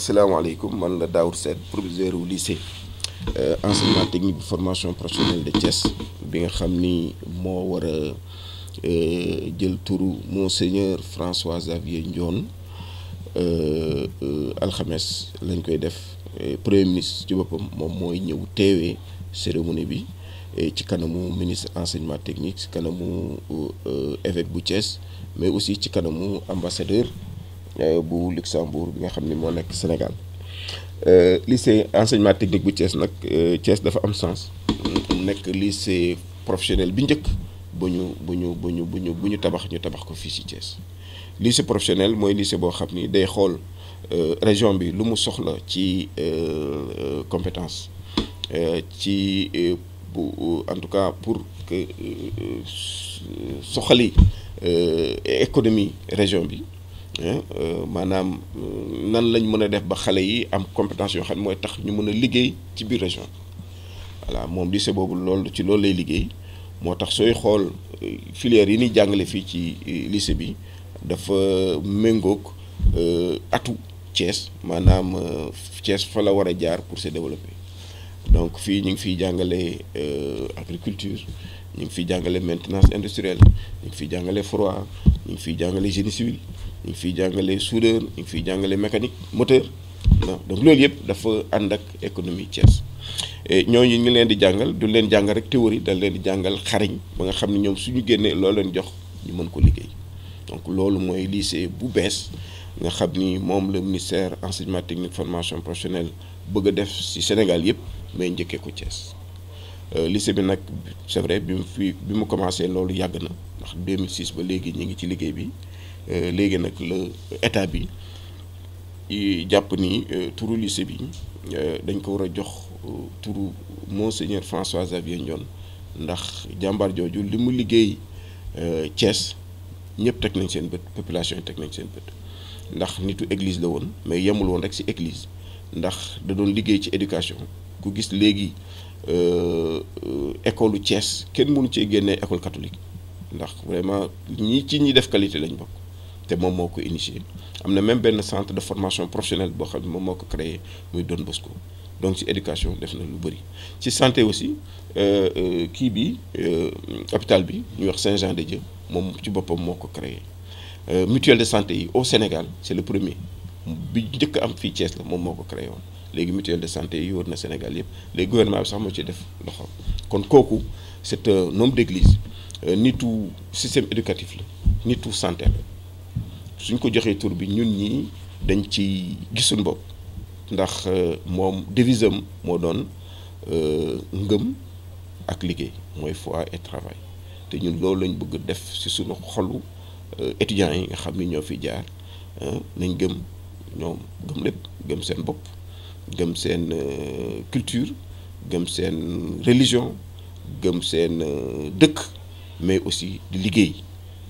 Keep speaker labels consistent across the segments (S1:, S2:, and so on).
S1: asalaamaaleykum man la Daour Sène proviseur wu lycée euh, enseignement technique bu formation professionnelle de Thiès bi nga xam ni moo war a euh, jël turu monseigneur François Xavier Ndione euh, alxames lañ koy def premier ministre ci boppam moom mooy ñëw teewee cérémonie bi ci kanamu ministre enseignement technique ci kanamu évêque bu Thiès mais aussi ci kanamu ambassadeur. Euh, bu Luxembourg bi nga xam ni moo nekk Sénégal euh, lycée enseignement technique bu Thiès nag euh, Thiès dafa am sens nekk lycée professionnel bi njëkk bu ñu bu ñu bu ñu bu ñu bu ñu tabax ñu tabax ko fii si Thiès lycée professionnel mooy lycée boo xam ni day xool région bi lu mu soxla ci compétence ci bu en tout cas pour que soxali économie région bi Euh, maanaam euh, nan lañ mën a def ba xale yi am compétence yoo xam ne mooy tax ñu mën a liggéey ci biir région voilà moom lycée boobu loolu ci loolu lay liggéey moo tax sooy xool euh, filière yi ñuy jàngale fii ci lycée bi dafa méngoog atu Thiès maanaam Thiès fa la war a jaar pour se développer donc fii ñu ngi fiy jàngale agriculture ñu ngi fiy jàngale maintenance industrielle ñu ngi fiy jàngale froid ñu ngi fiy jàngale génie civil ñu fi fiy jàngale soudeur ñu ngi fiy jàngale mécanique moteur donc loolu yëpp dafa ànd ak économie Thiès ñooñu ñu leen di jàngal du leen jàngal rek théorie dañ leen di jàngal xariñ ba nga xam ne ñoom suñu génnee loo leen jox ñu mën ko liggéey donc loolu mooy lycée bu bees nga xam ni moom la ministère enseignement technique formation professionnelle bëgg a def ci Sénégal yëpp mais njëkkee ko Thiès euh, lycée bi nag c'est bi mu fi bi mu commencé loolu yàgg na ndax 2006 ba léegi ñu ngi ci liggéey bi. Euh, léegi nag la état bi jàpp ni euh, turu lycée bi euh, dañ ko war a jox turu monseigneur François Xavier Ndione ndax jàmbaar jooju li mu liggéey cees ñëpp teg nañ seen bët population yi teg nañ seen bët ndax nitu église la woon mais yemul woon rek ci église ndax dadoon liggéey ci éducation ku gis léegi école u Thiès kenn mënu ci génnee école catholique ndax vraiment ñii ci ñi def qualité lañ bokk te moom moo ko initié am na même benn centre de formation professionnelle boo xam ne moom moo ko créé muy Don Bosco donc ci éducation def na lu bëri ci santé aussi euh, euh, kii bi euh, hôpital bi ñuy wax Saint-Jean-de-Dieu moom ci boppam moo ko créé mutuel de santé yi au Sénégal c'est le premier bi njëkk am fii Thiès la moom moo ko créé woon léegi mutuel de santé yi wër na Sénégal yëpp léegi gouvernement bi sax moo ci def loxo kon kooku c'est un homme d'église nitu système éducatif la nitu santé suñ ko joxee tour bi ñun ñi dañ ci gisuñ bopp ndax euh, moom devise moo doon euh, ngëm ak liggéey mooy foi et travail te ñun loolu lañ bëgg def ci suñu xolu euh, étudiants yi nga xam ni ñoo fi jaar nañ gëm ñoom gëm lépp gëm seen bopp gëm seen culture gëm seen religion gëm seen dëkk mais aussi di liggéey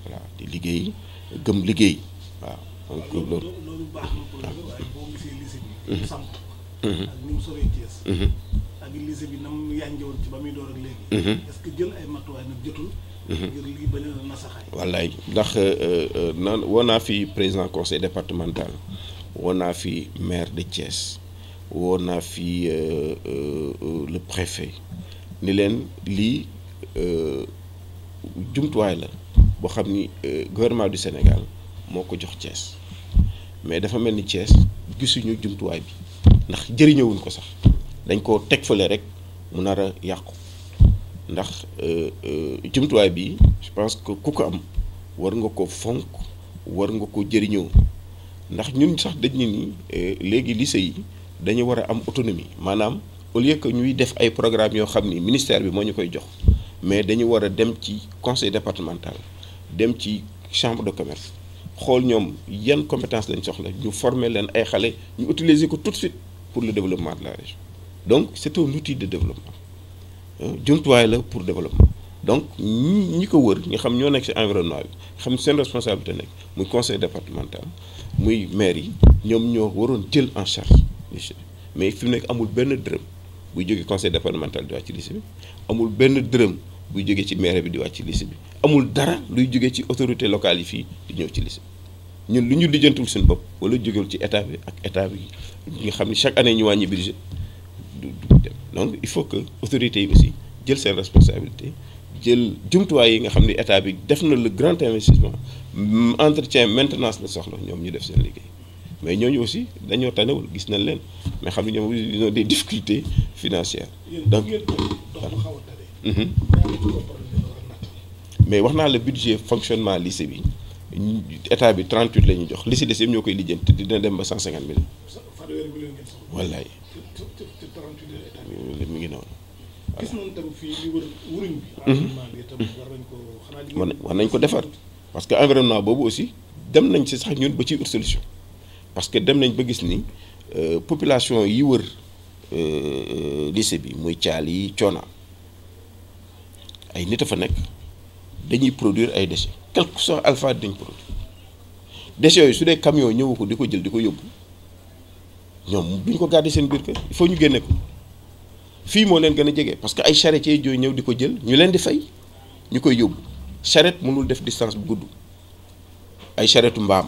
S1: voilà di liggéey gëm liggéey waaw donc loolu. loolu bi. na mhm. mu mhm. mhm. yànjewoon ci ba que jël ay matuwaay nag jotul. ngir wallaay ndax euh, euh, naan woo naa fi président conseil départemental woo naa fi maire de Thiès woo naa fi euh, le préfet ni leen lii jumtuwaay la boo xam ni gouvernement du Sénégal. moo ko jox cees mais dafa mel ni Thiès gisuñu jumtuwaay bi ndax jëriñëwuñ ko sax dañ ko teg fële rek mu nar a yàqu ndax euh, euh, jumtuwaay bi je pense que ku ko am war nga ko fonk war nga ko jëriñoo ndax ñun sax dañ ne ni euh, léegi lycée yi dañu war a am autonomie maanaam au lieu que ñuy def ay programmes yoo xam ni ministère bi moo ñu koy jox mais dañu war a dem ci conseil départemental dem ci chambre de commerce xool ñoom yenn compétence lañ soxla ñu former leen ay xale ñu utiliser ko tout suite pour le développement de la région donc c'est un outil de développement euh, jumtuwaay la pour développement donc ñi ñi ko wër nga xam ñoo nekk ci environnement bi xam seen responsabilité nekk muy conseil départemental muy maire yi ñoom ñoo waroon jël en charge mais fi mu nekk amul benn dërëm buy jógee conseil départemental di wàcc ci lycée bi amul benn dërëm buy jógee ci maire bi di wàcc ci lycée bi amul dara luy jógee ci autorité locale yi fii di ñëw ñun lu ñu lijjantul seen bopp wala jógewul ci état bi ak état bi nga xam ne chaque année ñu wàññi budget du dem donc il faut que autorités yi aussi jël seen responsabilité jël jumtuwaay yi nga xam ne état bi def na le grand investissement entretien maintenance la soxla ñoom ñu def seen liggéey mais ñooñu aussi dañoo tanewul gis nañ leen mais xam ne ñoom ils ont des difficultés financières donc mhm. mais wax naa la budget fonctionnement lycée bi état bi 38 la ñuy jox li si des yëpp ñoo koy lijjanti dina dem ba 150 millions. wallaay. mi ngi noonu. gis nañ tam fii li wër wuruñ bi. Mhm. war nañ ko defar parce que environnement boobu aussi dem nañ si sax ñun ba ci ut solution parce que dem nañ ba gis ni euh, population yi wër euh, lycée bi muy caal yi coona ay nit a fa nekk dañuy produire ay déchets. quelque soit alpha dañ produit déchets yooyu su dee camion ñëwu ko di ko jël di ko yóbbu ñoom bu ñu ko gàddee seen biir kër il ñu génne ko fii moo leen gën a jege parce que ay charretiers jooy ñëw di ko jël ñu leen di fay ñu koy yóbbu charrette mënul def distance bu gudd ay charrette mbaam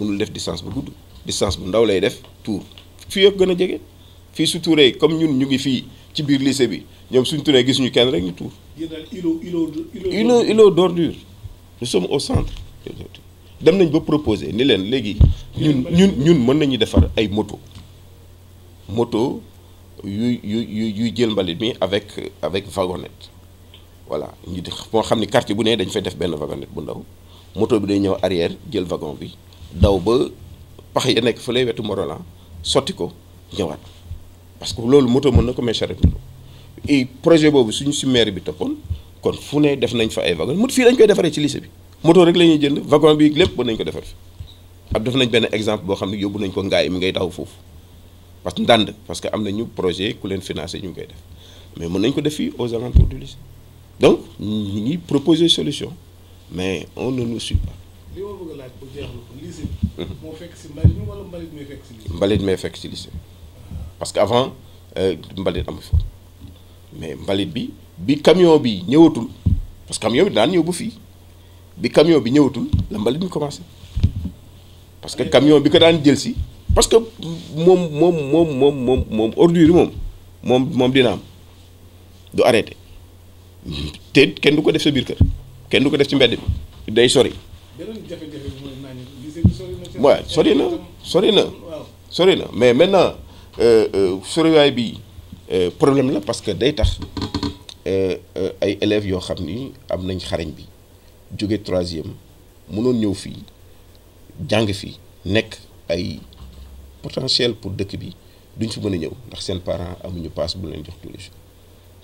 S1: mënul def distance bu gudd distance bu ndaw lay def tour fii yëpp gën a jege fii su tuuree comme ñun ñu ngi fii ci biir lycée bi ñoom suñ tuuree gisuñu kenn rek ñu tuur. yéen daal îlot îlot d'ordure some au centre dem nañ ba proposer ni leen léegi ñun ñun ñun mën nañu defar ay moto moto yu yu yu yuy jël mbalit mi avec avec wagonnette voilà ñu di moo xam ni quartier bu ne dañ fay def benn wagonnette bu ndaw moto bi day ñëw arrière jël wagon bi daw ba pax ya nekk fële wetu morola sotti ko ñëwaat parce que loolu moto mën na ko mais charrette et projet boobu suñu si maire bi toppoon kon fu ne def nañ fa ay wagon mu fii dañ koy defaree ci lycée bi moto rek la ñuy jënd wagon bi lépp mën nañ ko defar fi ab def nañ benn exemple boo xam ne yóbbu nañ ko ngaay mu ngay taxaw foofu parce que ndànd parce que am na ñu projet ku leen financé ñu ngi koy def mais mën nañ ko def fii aux alentours du lycée donc ñu ngi proposer solution mais on ne nous suit a laaj bu jeexlu lycée mhm. fekk si mbalit mi wala fekk si lycée. que avant euh, mbalit amu fa mais mbalit bi. bi camion bi ñëwatul parce que camion bi daan ñëw ba fii bi camion bi ñëwatul la mbalit mi commencé parce que camion bi ko daan jël si parce que moom moom moom moom moom moom dina am du arrêté te kenn du ko def sa biir kër kenn du ko def ci mbedd bi day sori. waaw sori na sori na sori na mais maintenant euh, euh, soriwaay bi euh, problème la parce que day tax. Euh, euh, ay élèves yoo xam ni am nañ xarañ bi jóge troisième mënoon ñëw fii jàng fii nekk ay potentiel pour dëkk bi duñ fi mën a ñëw ndax seen parent amuñu paas bu leen jox tous les jours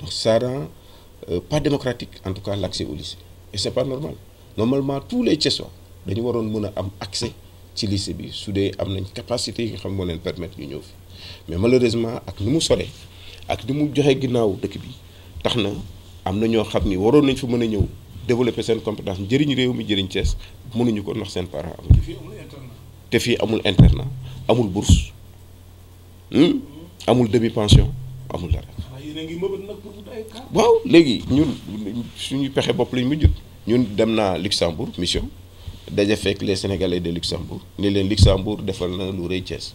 S1: donc ça euh, démocratique en tout cas l' accès au lycée et c' est pas normal normalement tous les Thiessois dañu waroon mën a am accès ci lycée bi su dee am nañ capacité yi nga xam moo leen permettre ñu ñëw fi mais malheureusement ak ni mu soree ak ni mu joxee ginnaaw dëkk bi. tax na am na ñoo xam ni waroon nañ fa mën a ñëw développer seen compétence njëriñ réew mi njëriñ Thiès mënuñu ko ndax seen parent amuñu te fii amul internat amul bourse hmm? amul demi pension amul dara waaw léegi ñun suñu pexe bopp lañ mujjut ñun dem naa Luxembourg mission daja fekk les sénégalais de Luxembourg ni leen Luxembourg defal na lu rëy cees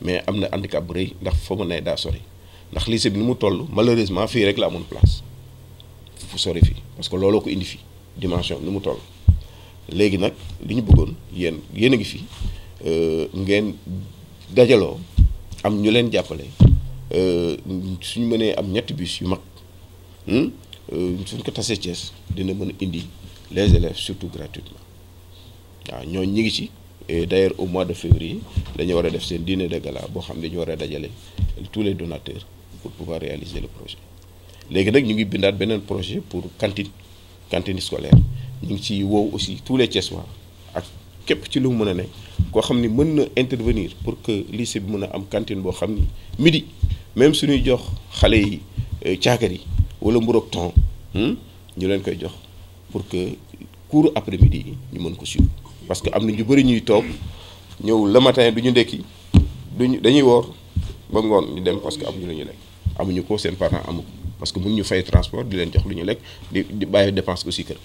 S1: mais am na handicap bu rëy ndax fa mu ne daa sori ndax lycée bi ni mu toll malheureusement fii rek la amoon place fu sori fii parce que looloo ko indi fii dimension bi mu toll léegi nag li ñu bëggoon yéen yéen a ngi fi euh, ngeen dajaloo am ñu leen jàppale euh, suñu mënee am ñetti bus yu mag hmm? euh, suñ ko tasee Thiès dina mën a indi les élèves surtout gratuitement waaw ñoo ñi ngi ci et d'ailleurs au mois de février dañu war a def seen dîner de gala boo xam ne dañu war a dajale tous les donateurs pour pouvoir réaliser le projet léegi nag ñu ngi bindaat beneen projet pour cantine quantin scolaire ñu ngi ci wow aussi tous les Thiessois ak képp ci lu mu mën a ne koo xam ni mën na intervenir pour que lycée bi mën a am cantine boo xam ni midi même suñuy jox xale yi euh, caakar yi wala mburoog ton hmm, ñu leen koy jox pour que cours après midi yi ñu mën ko suivre parce que am na ñu bëri ñuy toog ñëw la matin du ñu ndekki ñu dañuy woor ba ngoon ñu dem parce que am ñu lu ñu lekk amuñu ko seen parent amu parce que mun ñu fay transport di leen jox lu ñu lekk di di bàyyi dépense aussi kër